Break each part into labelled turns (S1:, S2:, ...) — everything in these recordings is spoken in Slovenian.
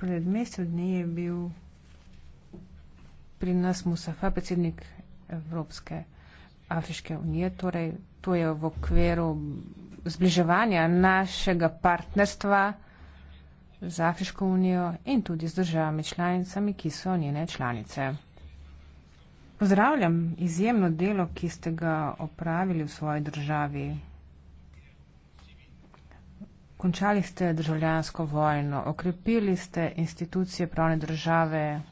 S1: pred mesec dni je bil pri nas Musafa, predsednik Evropske Afriške unije. Torej, to je v okviru zbliževanja našega partnerstva z Afriško unijo in tudi z državami članicami, ki so njene članice. Pozdravljam izjemno delo, ki ste ga opravili v svoji državi. Končali ste državljansko vojno, okrepili ste institucije pravne države,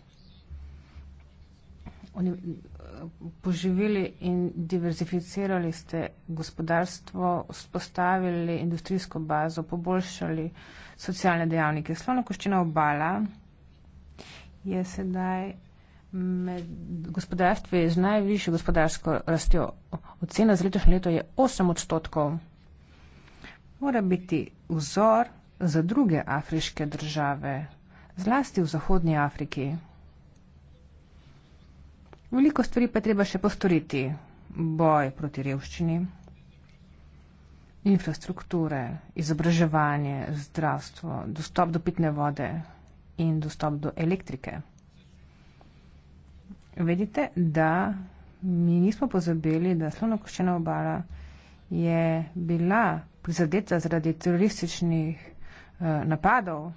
S1: poživili in diverzificirali ste gospodarstvo, spostavili industrijsko bazo, poboljšali socialne dejavnike. Slovna koščina obala je sedaj med gospodarstvi z najvišjo gospodarsko rastjo. Ocena za letošnje leto je 8 odstotkov mora biti vzor za druge afriške države, zlasti v Zahodnji Afriki. Veliko stvari pa treba še postoriti. Boj proti revščini, infrastrukture, izobraževanje, zdravstvo, dostop do pitne vode in dostop do elektrike. Vedite, da mi nismo pozabili, da slonokoščena obala je bila prizadeta zaradi terorističnih eh, napadov.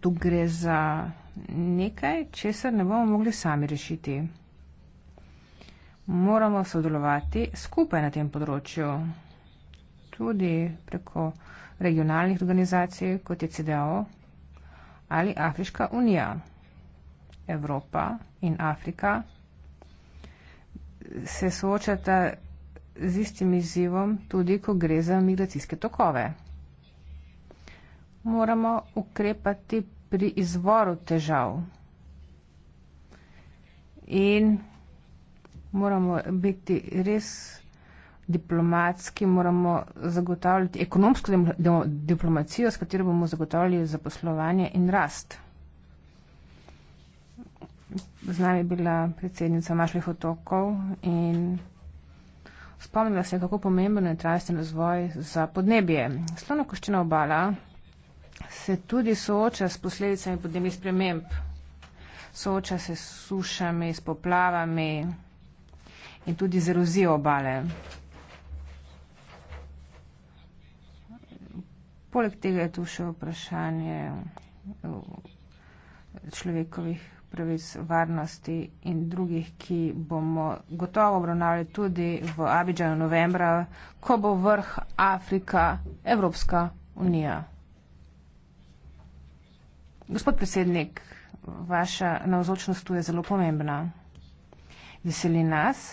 S1: Tu gre za nekaj, česar ne bomo mogli sami rešiti. Moramo sodelovati skupaj na tem področju, tudi preko regionalnih organizacij, kot je CDO ali Afriška unija. Evropa in Afrika se soočata z istim izzivom, tudi ko gre za migracijske tokove. Moramo ukrepati pri izvoru težav in moramo biti res diplomatski, moramo zagotavljati ekonomsko diplomacijo, s katero bomo zagotavljali zaposlovanje in rast. Z nami je bila predsednica Maških otokov in spomnila se, kako pomembno je trajnosten razvoj za podnebje. Slovna koščina obala se tudi sooča s posledicami podnebnih sprememb. Sooča se s sušami, s poplavami in tudi z erozijo obale. Poleg tega je tu še vprašanje eh, človekovih pravic varnosti in drugih, ki bomo gotovo obravnavali tudi v Abidžanu novembra, ko bo vrh Afrika Evropska unija. Gospod predsednik, vaša navzočnost tu je zelo pomembna. Veseli nas,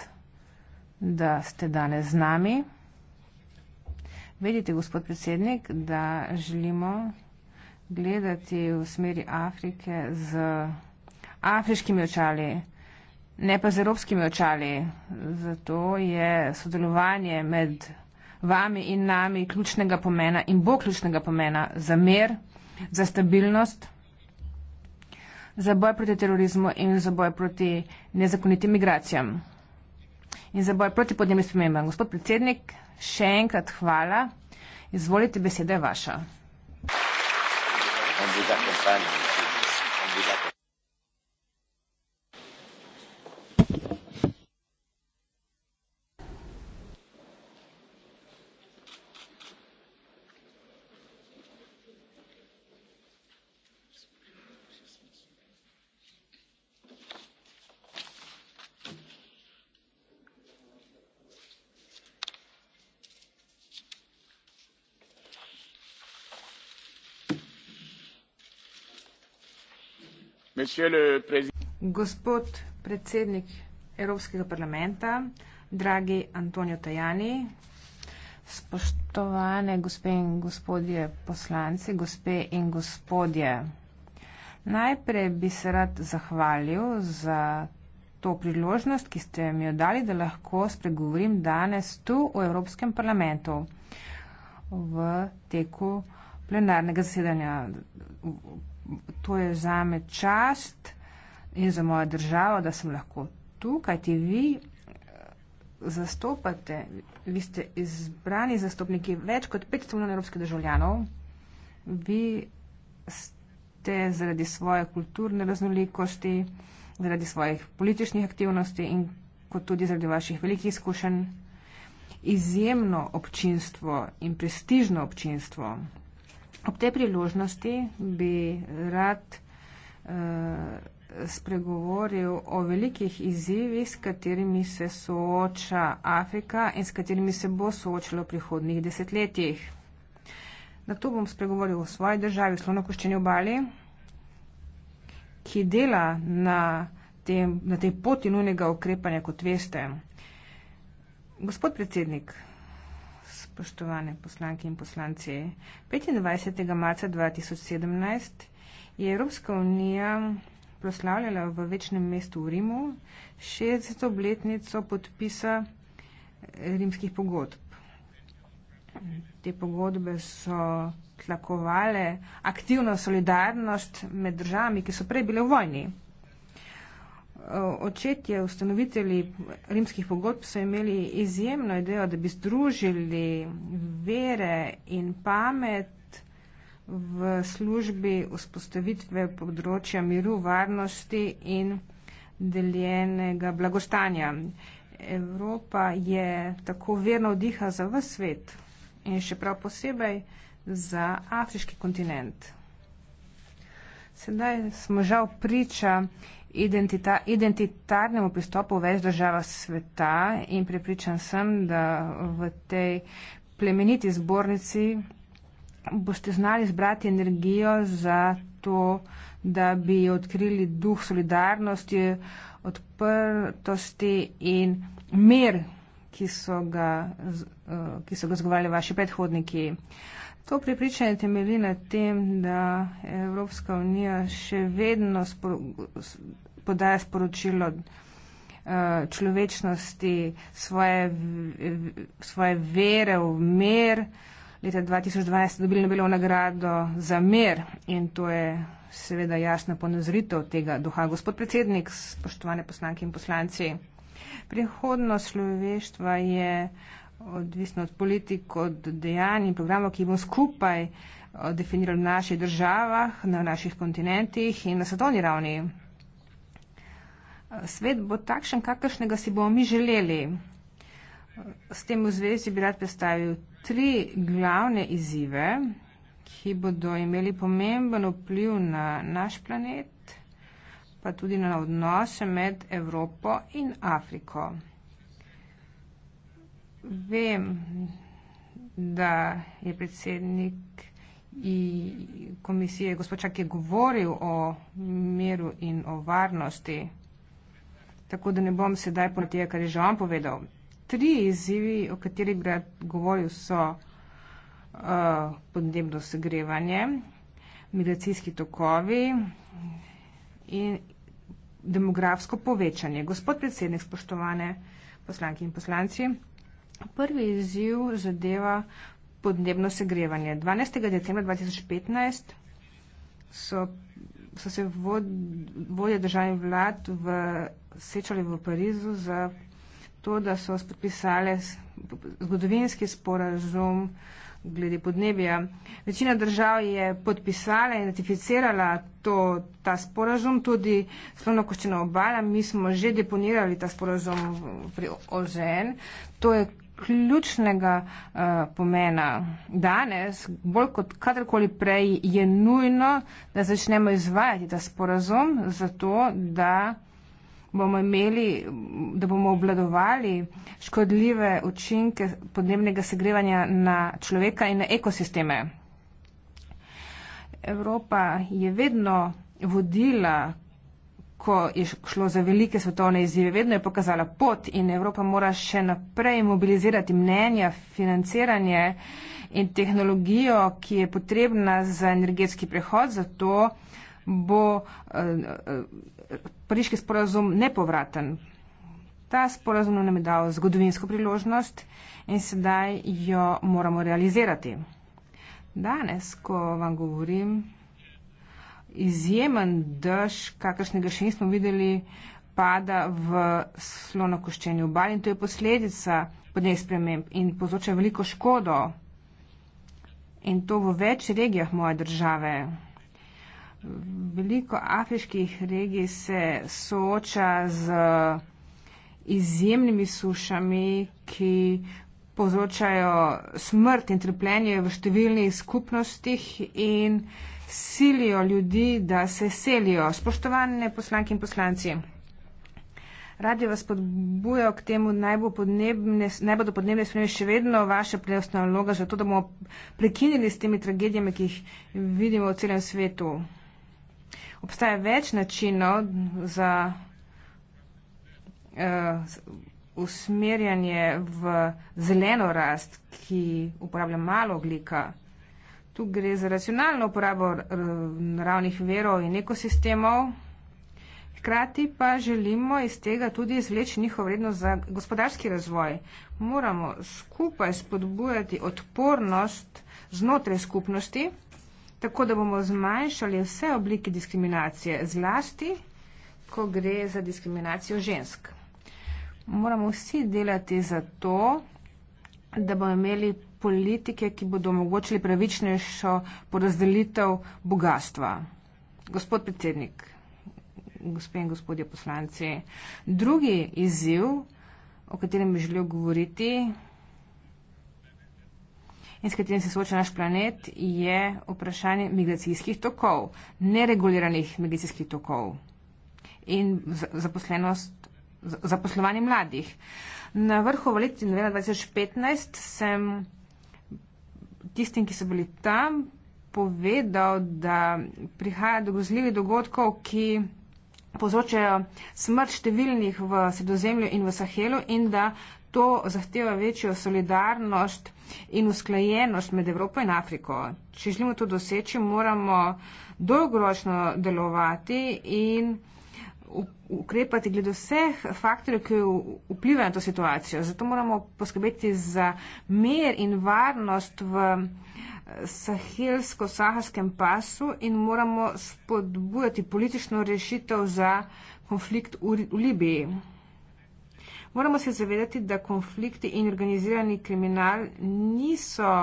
S1: da ste danes z nami. Vedite, gospod predsednik, da želimo gledati v smeri Afrike z afriškimi očali, ne pa z evropskimi očali. Zato je sodelovanje med vami in nami ključnega pomena in bo ključnega pomena za mer, za stabilnost, za boj proti terorizmu in za boj proti nezakonitim migracijam in za boj proti podnebnim spremembam. Gospod predsednik, še enkrat hvala. Izvolite, beseda je vaša.
S2: Thank you.
S1: Gospod predsednik Evropskega parlamenta, dragi Antonio Tajani, spoštovane gospe in gospodje poslanci, gospe in gospodje. Najprej bi se rad zahvalil za to priložnost, ki ste mi jo dali, da lahko spregovorim danes tu v Evropskem parlamentu v teku plenarnega zasedanja to je zame čast in za mojo državo, da sem lahko tukaj, ti vi eh, zastopate, vi ste izbrani zastopniki več kot 500 milijonov evropskih državljanov, vi ste zaradi svoje kulturne raznolikosti, zaradi svojih političnih aktivnosti in kot tudi zaradi vaših velikih izkušenj izjemno občinstvo in prestižno občinstvo. Ob tej priložnosti bi rad eh, spregovoril o velikih izzivih, s katerimi se sooča Afrika in s katerimi se bo soočala v prihodnih desetletjih. Na to bom spregovoril o svoji državi, slovno koščeni obali, ki dela na, tem, na tej poti nujnega ukrepanja, kot veste. Gospod predsednik, spoštovane poslanke in poslanci. 25. marca 2017 je Evropska unija proslavljala v večnem mestu v Rimu 60. obletnico podpisa eh, rimskih pogodb. Te pogodbe so tlakovale aktivno solidarnost med državami, ki so prej bile v vojni. Očetje, ustanoviteli rimskih pogodb so imeli izjemno idejo, da bi združili vere in pamet v službi vzpostavitve področja miru, varnosti in deljenega blagostanja. Evropa je tako verno vdiha za v svet in še prav posebej za afriški kontinent. Sedaj smo žal priča identita, identitarnemu pristopu v več država sveta in prepričan sem, da v tej plemeniti zbornici boste znali zbrati energijo za to, da bi odkrili duh solidarnosti, odprtosti in mir, ki so ga, eh, ga zgovarjali vaši predhodniki. Uh, To prepričanje temelji na tem, da Evropska unija še vedno spro, podaja sporočilo eh, človečnosti svoje, svoje vere v mer. Leta 2012 dobili Nobelovo nagrado za mer in to je seveda jasna ponazritev tega duha. Gospod predsednik, spoštovane poslanke in poslanci, prihodnost človeštva je uh, odvisno od politik, od dejanj in programov, ki bomo skupaj eh, definirali v naših državah, na naših kontinentih in na svetovni ravni. Eh, svet bo takšen, kakršnega si bomo mi želeli. Eh, s tem v zvezi bi rad predstavil tri glavne izzive, ki bodo imeli pomemben vpliv na naš planet, pa tudi na odnose med Evropo in Afriko vem, da je predsednik komisije gospodčak je govoril o miru in o varnosti, tako da ne bom sedaj ponud tega, kar je že on povedal. Tri izzivi, o katerih bi rad govoril, so uh, podnebno segrevanje, migracijski tokovi in demografsko povečanje. Gospod predsednik, spoštovane poslanke in poslanci, Prvi izziv zadeva podnebno segrevanje. 12. decembra 2015 so, so se vodje državnih vlad v, sečali v Parizu za to, da so podpisali zgodovinski sporazum glede podnebja. Večina držav je podpisala in ratificirala to, ta sporazum, tudi slovno koščeno obala. Mi smo že deponirali ta sporazum pri OZN. To je ključnega uh, pomena danes, bolj kot kadarkoli prej, je nujno, da začnemo izvajati ta sporazum zato, da bomo imeli, da bomo obladovali škodljive učinke podnebnega segrevanja na človeka in na ekosisteme. Evropa je vedno vodila ko je šlo za velike svetovne izzive, vedno je pokazala pot in Evropa mora še naprej mobilizirati mnenja, financiranje in tehnologijo, ki je potrebna za energetski prehod, zato bo eh, eh, pariški sporazum nepovraten. Ta sporazum nam je dal zgodovinsko priložnost in sedaj jo moramo realizirati. Danes, ko vam govorim, izjemen dež, kakršnega še nismo videli, pada v slonokoščenju obali in to je posledica podnebnih sprememb in povzroča veliko škodo. In to v več regijah moje države. Veliko afriških regij se sooča z izjemnimi sušami, ki povzročajo smrt in trpljenje v številnih skupnostih in silijo ljudi, da se selijo. Spoštovane poslanke in poslanci, radi vas podbujajo k temu, naj bodo podnebne spremembe še vedno vaša preostna vloga, zato da bomo prekinili s temi tragedijami, ki jih vidimo v celem svetu. Obstaja več načinov za uh, usmerjanje v zeleno rast, ki uporablja malo oglika. Tu gre za racionalno uporabo naravnih verov in ekosistemov, hkrati pa želimo iz tega tudi izvleči njihov vrednost za gospodarski razvoj. Moramo skupaj spodbujati odpornost znotraj skupnosti, tako da bomo zmanjšali vse oblike diskriminacije, zlasti, ko gre za diskriminacijo žensk. Moramo vsi delati za to, da bomo imeli politike, ki bodo omogočili pravičnejšo porazdelitev bogatstva. Gospod predsednik, gospe in gospodje poslanci, drugi izziv, o katerem bi želel govoriti in s katerim se sooča naš planet, je vprašanje migracijskih tokov, nereguliranih migracijskih tokov in zaposlenost zaposlovanje mladih. Na vrhu v leti 2015 sem tistim, ki so bili tam, povedal, da prihaja do grozljivih dogodkov, ki povzročajo smrt številnih v sredozemlju in v Sahelu in da to zahteva večjo solidarnost in usklajenost med Evropo in Afriko. Če želimo to doseči, moramo dolgoročno delovati in ukrepati glede vseh faktorjev, ki vplivajo na to situacijo. Zato moramo poskrbeti za mer in varnost v eh, sahelsko-saharskem pasu in moramo spodbujati politično rešitev za konflikt v Libiji. Moramo se zavedati, da konflikti in organizirani kriminal niso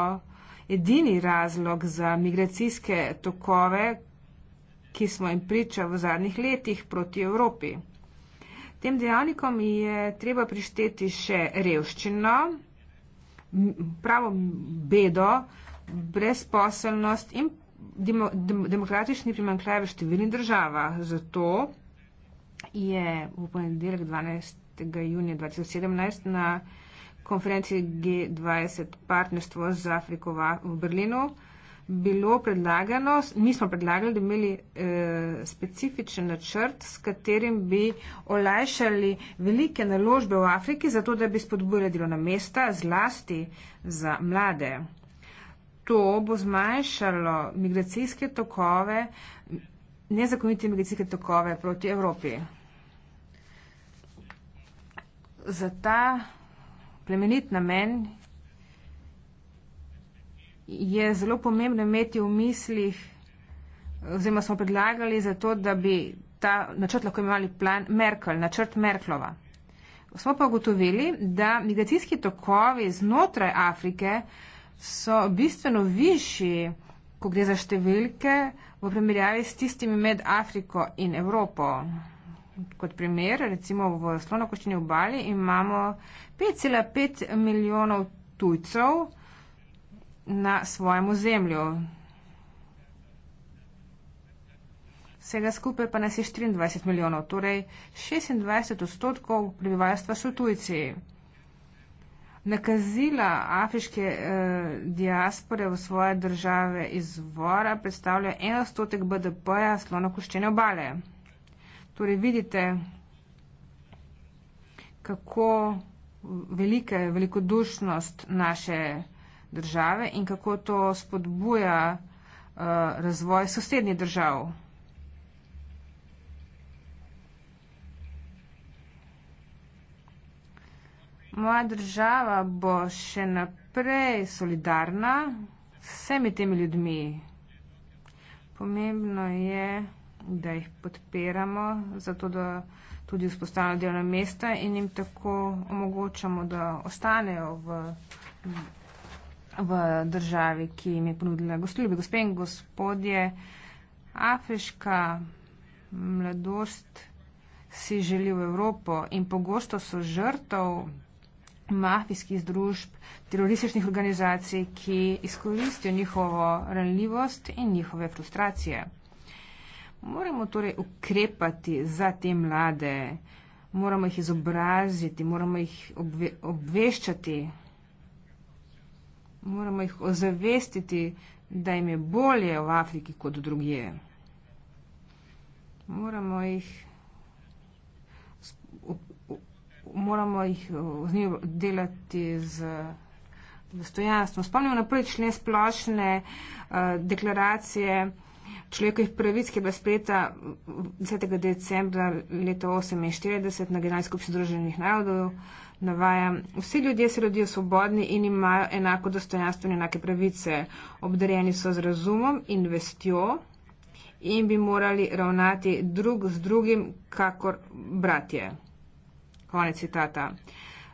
S1: edini razlog za migracijske tokove, ki smo jim priča v zadnjih letih proti Evropi. Tem dejavnikom je treba prišteti še revščino, pravo bedo, brezposelnost in demokratični primankljaj v številnih državah. Zato je v ponedeljek 12. junija 2017 na konferenci G20 partnerstvo za Afriko v Berlinu bilo predlagano, mi smo predlagali, da bi imeli eh, specifičen načrt, s katerim bi olajšali velike naložbe v Afriki, zato da bi spodbujali delovna mesta, zlasti za mlade. To bo zmanjšalo migracijske tokove, nezakonite migracijske tokove proti Evropi. Za ta plemenit namen je zelo pomembno imeti v mislih, oziroma smo predlagali za to, da bi ta načrt lahko imeli plan Merkel, načrt Merklova. Smo pa ugotovili, da migracijski tokovi znotraj Afrike so bistveno višji, ko gre za številke, v primerjavi s tistimi med Afriko in Evropo. Kot primer, recimo v slonokoščini obali imamo 5,5 milijonov tujcev, na svojem ozemlju. Vsega skupaj pa nas je 24 milijonov, torej 26 odstotkov prebivalstva so tujci. Nakazila afriške eh, diaspore v svoje države izvora predstavlja en odstotek BDP-ja slonokoščene obale. Torej vidite, kako velika je velikodušnost naše države države in kako to spodbuja uh, razvoj sosednjih držav. Moja država bo še naprej solidarna s vsemi temi ljudmi. Pomembno je, da jih podpiramo, zato da tudi vzpostavljajo delovna mesta in jim tako omogočamo, da ostanejo v v državi, ki jim je ponudila gostoljube. Gospe in gospodje, afriška mladost si želi v Evropo in pogosto so žrtov mafijskih združb, terorističnih organizacij, ki izkoristijo njihovo ranljivost in njihove frustracije. Moramo torej ukrepati za te mlade, moramo jih izobraziti, moramo jih obve obveščati, moramo jih ozavestiti, da jim je bolje v Afriki kot drugje. Moramo jih, moramo jih z njim delati z dostojanstvom. Spomnimo na prvi člen splošne uh, deklaracije človekovih pravic, ki je bila sprejeta 10. decembra leta 1948 na Generalni skupščini Združenih narodov, navaja, vsi ljudje se rodijo svobodni in imajo enako dostojanstvo in enake pravice. Obdarjeni so z razumom in vestjo in bi morali ravnati drug z drugim, kakor bratje. Konec citata.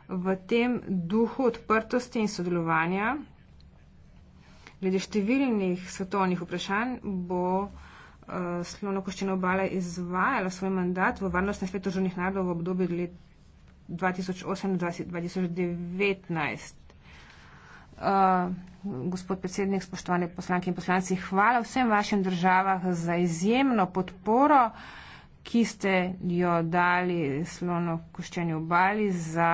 S1: V tem duhu odprtosti in sodelovanja Glede številnih svetovnih vprašanj bo uh, eh, Slovenokoščina obala izvajala svoj mandat v varnostnem svetu žurnih narodov v obdobju let 2008-2019. Uh, eh, gospod predsednik, spoštovane poslanke in poslanci, hvala vsem vašim državah za izjemno podporo, ki ste jo dali slono koščenju obali za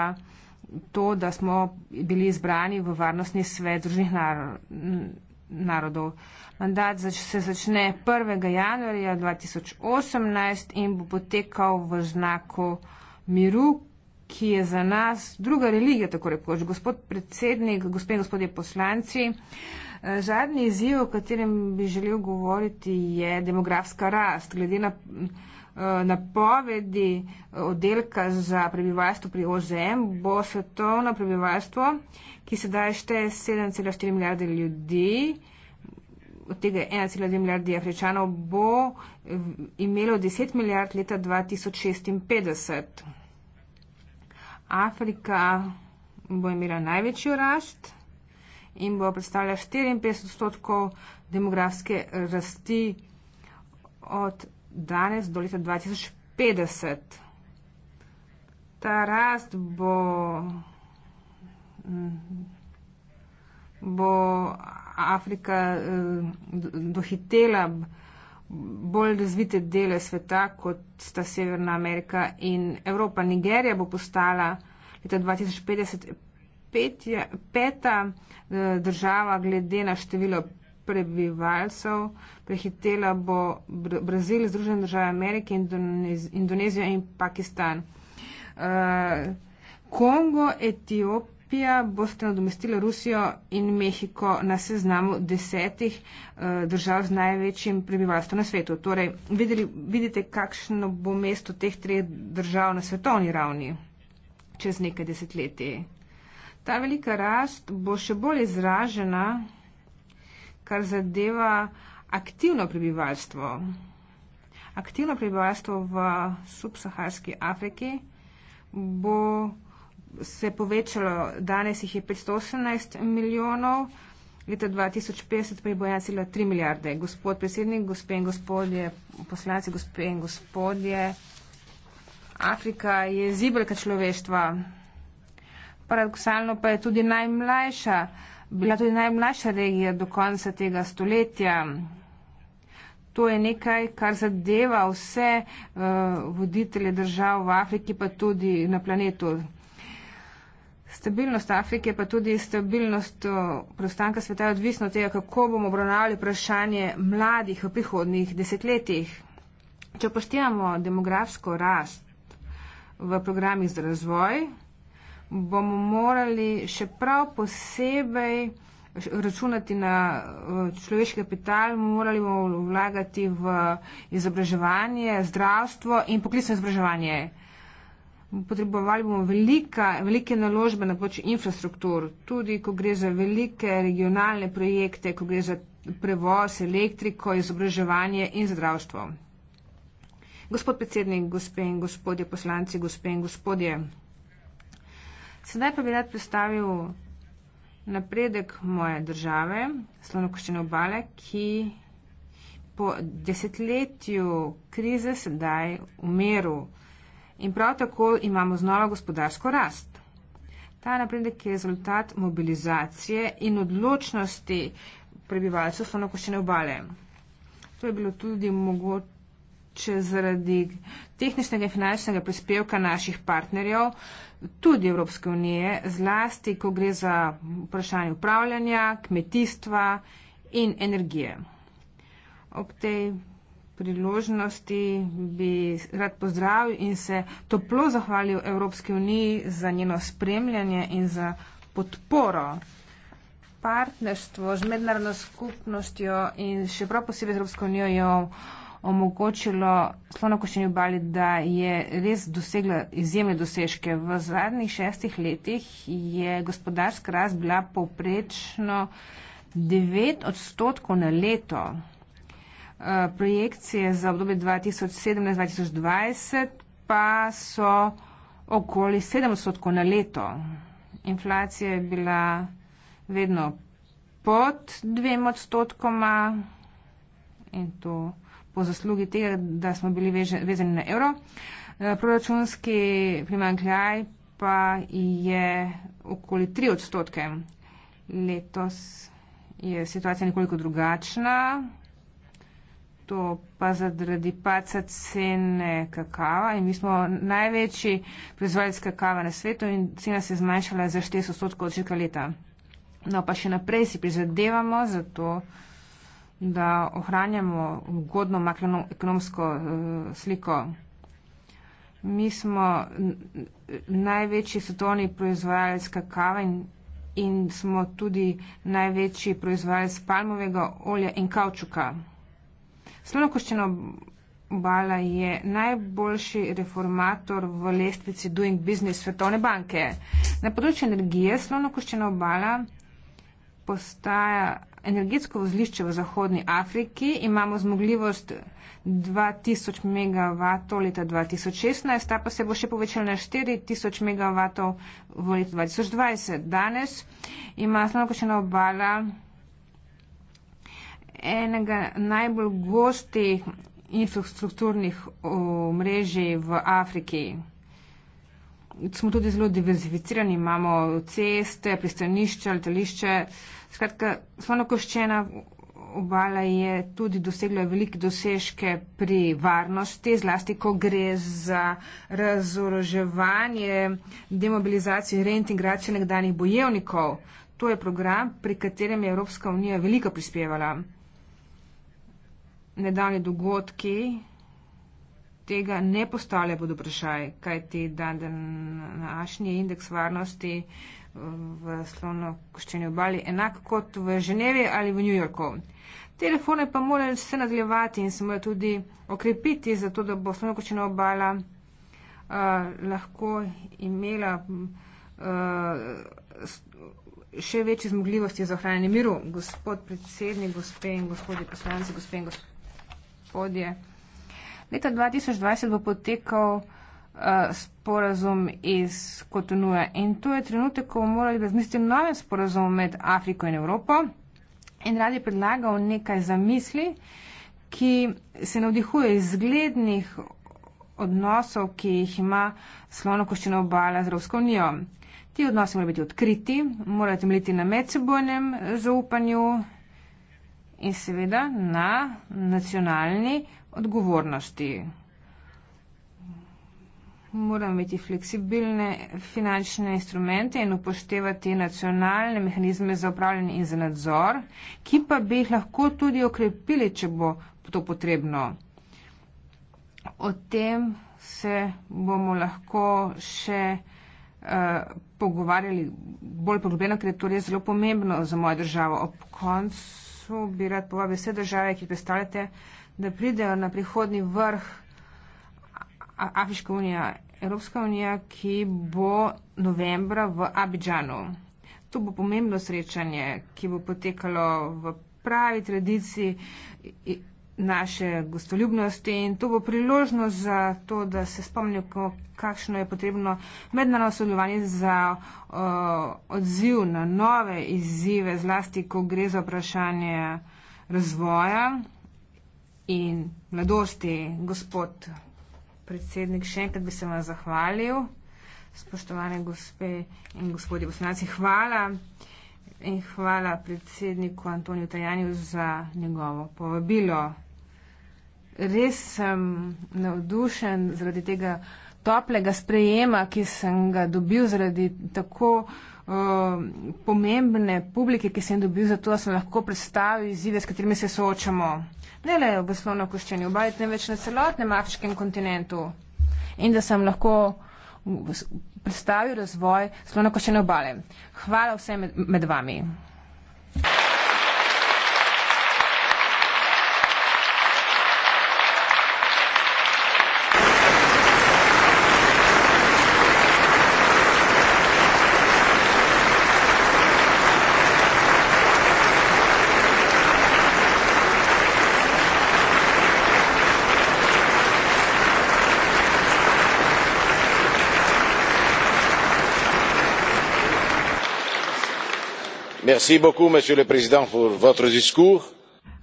S1: to, da smo bili izbrani v varnostni svet družnih narodov. Mandat se začne 1. januarja 2018 in bo potekal v znaku miru, ki je za nas druga religija, tako rekoč. Gospod predsednik, gospe in gospodje poslanci, eh, zadnji izziv, o katerem bi želel govoriti, je demografska rast. Glede na napovedi oddelka za prebivalstvo pri OZM bo svetovno prebivalstvo, ki sedaj šteje 7,4 milijarde ljudi, od tega 1,2 milijardi afričanov, bo imelo 10 milijard leta 2056. Afrika bo imela največjo rast in bo predstavljala 54 odstotkov demografske rasti od danes do leta 2050. Ta rast bo, mm, bo Afrika eh, dohitela bolj razvite dele sveta, kot sta Severna Amerika in Evropa. Nigerija bo postala leta 2050 petja, peta eh, država glede na število prebivalcev, prehitela bo Br Brazil, Združene države Amerike, Indonez Indonezijo in Pakistan. Uh, Kongo, Etiopija boste nadomestila Rusijo in Mehiko na seznamu desetih uh, držav z največjim prebivalstvom na svetu. Torej, videli, vidite, kakšno bo mesto teh treh držav na svetovni ravni čez nekaj desetletij. Ta velika rast bo še bolj izražena kar zadeva aktivno prebivalstvo. Aktivno prebivalstvo v subsaharski Afriki bo se povečalo, danes jih je 518 milijonov, leta 2050 pa je 1,3 milijarde. Gospod predsednik, gospe in gospodje, poslanci, gospe in gospodje, Afrika je zibelka človeštva. Paradoksalno pa je tudi najmlajša bila tudi najmlajša regija do konca tega stoletja. To je nekaj, kar zadeva vse uh, voditelje držav v Afriki, pa tudi na planetu. Stabilnost Afrike, pa tudi stabilnost eh, preostanka sveta je odvisna od tega, kako bomo obravnavali vprašanje mladih v prihodnih desetletjih. Če upoštevamo demografsko rast v programih za razvoj, bomo morali še prav posebej računati na eh, človeški kapital, morali bomo vlagati v izobraževanje, zdravstvo in poklicno izobraževanje. Potrebovali bomo velika, velike naložbe na področju infrastruktur, tudi ko gre za velike regionalne projekte, ko gre za prevoz, elektriko, izobraževanje in zdravstvo. Gospod predsednik, gospe in gospodje poslanci, gospe in gospodje. Sedaj pa bi rad predstavil napredek moje države, Slonokoščene obale, ki po desetletju krize sedaj umeru in prav tako imamo znova gospodarsko rast. Ta napredek je rezultat mobilizacije in odločnosti prebivalcev Slonokoščene obale. To je bilo tudi mogoče če zaradi tehničnega in finančnega prispevka naših partnerjev, tudi Evropske unije, zlasti, ko gre za vprašanje upravljanja, kmetijstva in energije. Ob tej priložnosti bi rad pozdravil in se toplo zahvalil Evropske unije za njeno spremljanje in za podporo partnerstvo z mednarodno skupnostjo in še prav posebej z Evropsko unijo jo omogočilo slonokoščeni obali, da je res dosegla izjemne dosežke. V zadnjih šestih letih je gospodarska rast bila povprečno 9 odstotkov na leto. Eh, projekcije za obdobje 2017-2020 pa so okoli 7 odstotkov na leto. Inflacija je bila vedno pod dvema odstotkoma in to po zaslugi tega, da smo bili vezani na evro. Eh, proračunski primankljaj pa je okoli 3 odstotke. Letos je situacija nekoliko drugačna. To pa zaradi paca cene kakava in mi smo največji proizvajalec kakava na svetu in cena se je zmanjšala za 40 odstotkov od čeka leta. No pa še naprej si prizadevamo za to da ohranjamo ugodno makroekonomsko eh, sliko. Mi smo največji svetovni proizvajalec kakava in, in smo tudi največji proizvajalec palmovega olja in kavčuka. Slonokoščena obala je najboljši reformator v lestvici Doing Business Svetovne banke. Na področju energije slonokoščena obala postaja energetsko vozlišče v Zahodni Afriki, imamo zmogljivost 2000 MW leta 2016, ta pa se bo še povečala na 4000 MW v letu 2020. Danes ima Slovenka obala enega najbolj gostih infrastrukturnih omrežij v Afriki smo tudi zelo diverzificirani, imamo ceste, pristanišče, letališče. Skratka, slovno koščena obala je tudi dosegla velike dosežke pri varnosti, zlasti ko gre za razoroževanje, demobilizacijo in reintegracijo nekdanjih bojevnikov. To je program, pri katerem je Evropska unija veliko prispevala. Nedavni dogodki tega ne postavlja pod vprašaj, kaj ti dan današnji indeks varnosti v slovno-koščeni obali, enak kot v Ženevi ali v New Yorku. Te reforme pa morajo se nadaljevati in se morajo tudi okrepiti, zato da bo slovno-koščena obala uh, lahko imela uh, še večje zmogljivosti za ohranjanje miru. Gospod predsednik, gospe in gospodje poslanci, gospe in gospodje. Leta 2020 bo potekal uh, sporazum iz Kotonuja in to je trenutek, ko bomo morali razmisliti novem sporazumu med Afriko in Evropo. In rad je predlagal nekaj zamisli, ki se navdihuje iz zglednih odnosov, ki jih ima slonokoščina obala z Evropsko unijo. Ti odnosi morajo biti odkriti, morajo temeljiti na medsebojnem zaupanju in seveda na nacionalni odgovornosti. Moram imeti fleksibilne finančne instrumente in upoštevati nacionalne mehanizme za upravljanje in za nadzor, ki pa bi jih lahko tudi okrepili, če bo to potrebno. O tem se bomo lahko še uh, pogovarjali bolj poglobljeno, ker je to res zelo pomembno za mojo državo. Ob koncu bi rad povabil vse države, ki predstavljate da pridejo na prihodni vrh Afriška unija, Evropska unija, ki bo novembra v Abidžanu. To bo pomembno srečanje, ki bo potekalo v pravi tradiciji naše gostoljubnosti in to bo priložnost za to, da se spomnijo, kakšno je potrebno mednarodno sodelovanje za uh, odziv na nove izzive, zlasti, ko gre za vprašanje razvoja in mladosti. Gospod predsednik, še enkrat bi se vam zahvalil. Spoštovane gospe in gospodje poslanci, hvala. In hvala predsedniku Antoniju Tajanju za njegovo povabilo. Res sem navdušen zaradi tega toplega sprejema, ki sem ga dobil zaradi tako uh, pomembne publike, ki sem jih dobil za to, da sem lahko predstavil izzive, s katerimi se soočamo. Ne le v slovno koščenju, obaj temveč na celotnem afriškem kontinentu. In da sem lahko predstavil razvoj slovno koščene obale. Hvala vsem med, med vami. Thank you.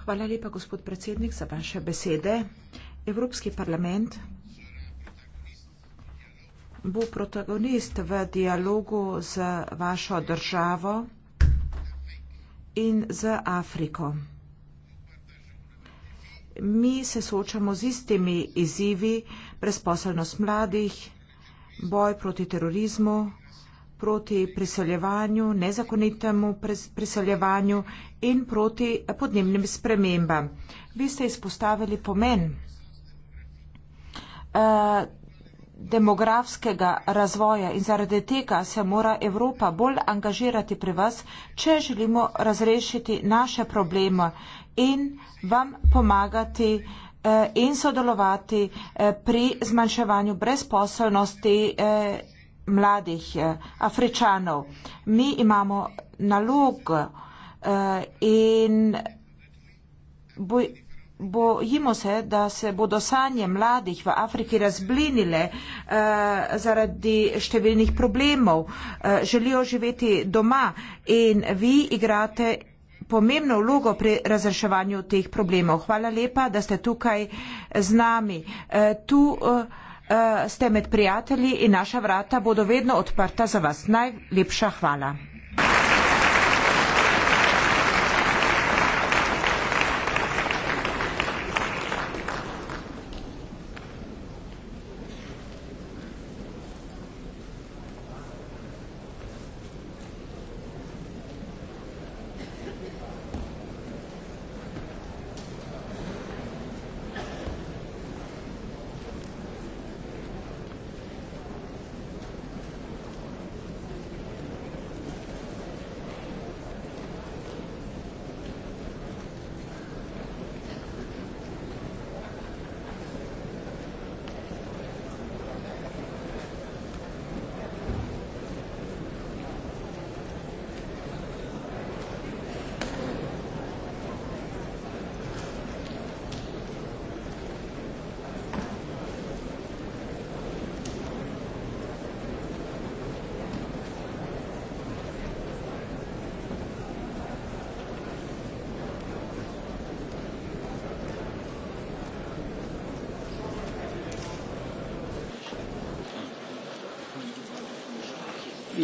S2: hvala lepa gospod predsednik za vaše besede evropski parlament bo protagonist v dialogu z vašo državo in z afriko mi se soočamo z istimi izzivi brezposelnost mladih boj proti terorizmu proti priseljevanju, nezakonitemu priseljevanju in proti podnebnim spremembam. Vi ste izpostavili pomen eh, demografskega razvoja in zaradi tega se mora Evropa bolj angažirati pri vas, če želimo razrešiti naše probleme in vam pomagati eh, in sodelovati eh, pri zmanjševanju brezposelnosti mladih eh, Afričanov. Mi imamo nalog eh, in bojimo se, da se bodo sanje mladih v Afriki razblinile eh, zaradi številnih problemov. Želijo živeti doma in vi igrate pomembno vlogo pri razreševanju teh problemov. Hvala lepa, da ste tukaj z nami. Tu Eh, ste med prijatelji in naša vrata bodo vedno odprta za vas. Najlepša hvala.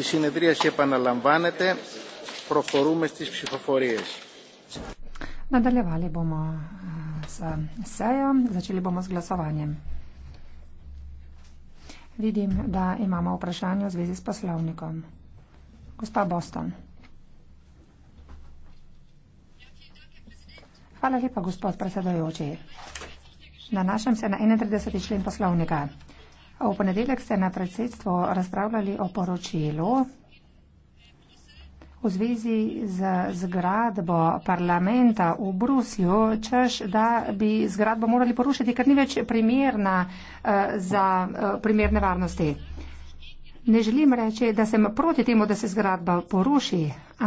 S1: η συνεδρίαση
S2: επαναλαμβάνεται. Προχωρούμε στις ψηφοφορίες.
S1: Nadaljevali bomo eh, s sejo, začeli bomo z glasovanjem. Vidim, da imamo vprašanje v zvezi s poslovnikom. Gospa Boston. Hvala lepa, gospod predsedujoči. Nanašam se na 31. člen poslovnika. V ponedeljek ste na predsedstvu razpravljali o poročilu v zvezi z zgradbo parlamenta v Bruslju, češ, da bi zgradbo morali porušiti, ker ni več primerna eh, za eh, primerne varnosti. Ne želim reči, da sem proti temu, da se zgradba poruši,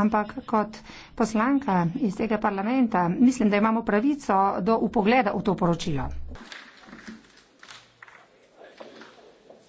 S1: ampak kot poslanka iz tega parlamenta mislim, da imamo pravico do upogleda v to poročilo.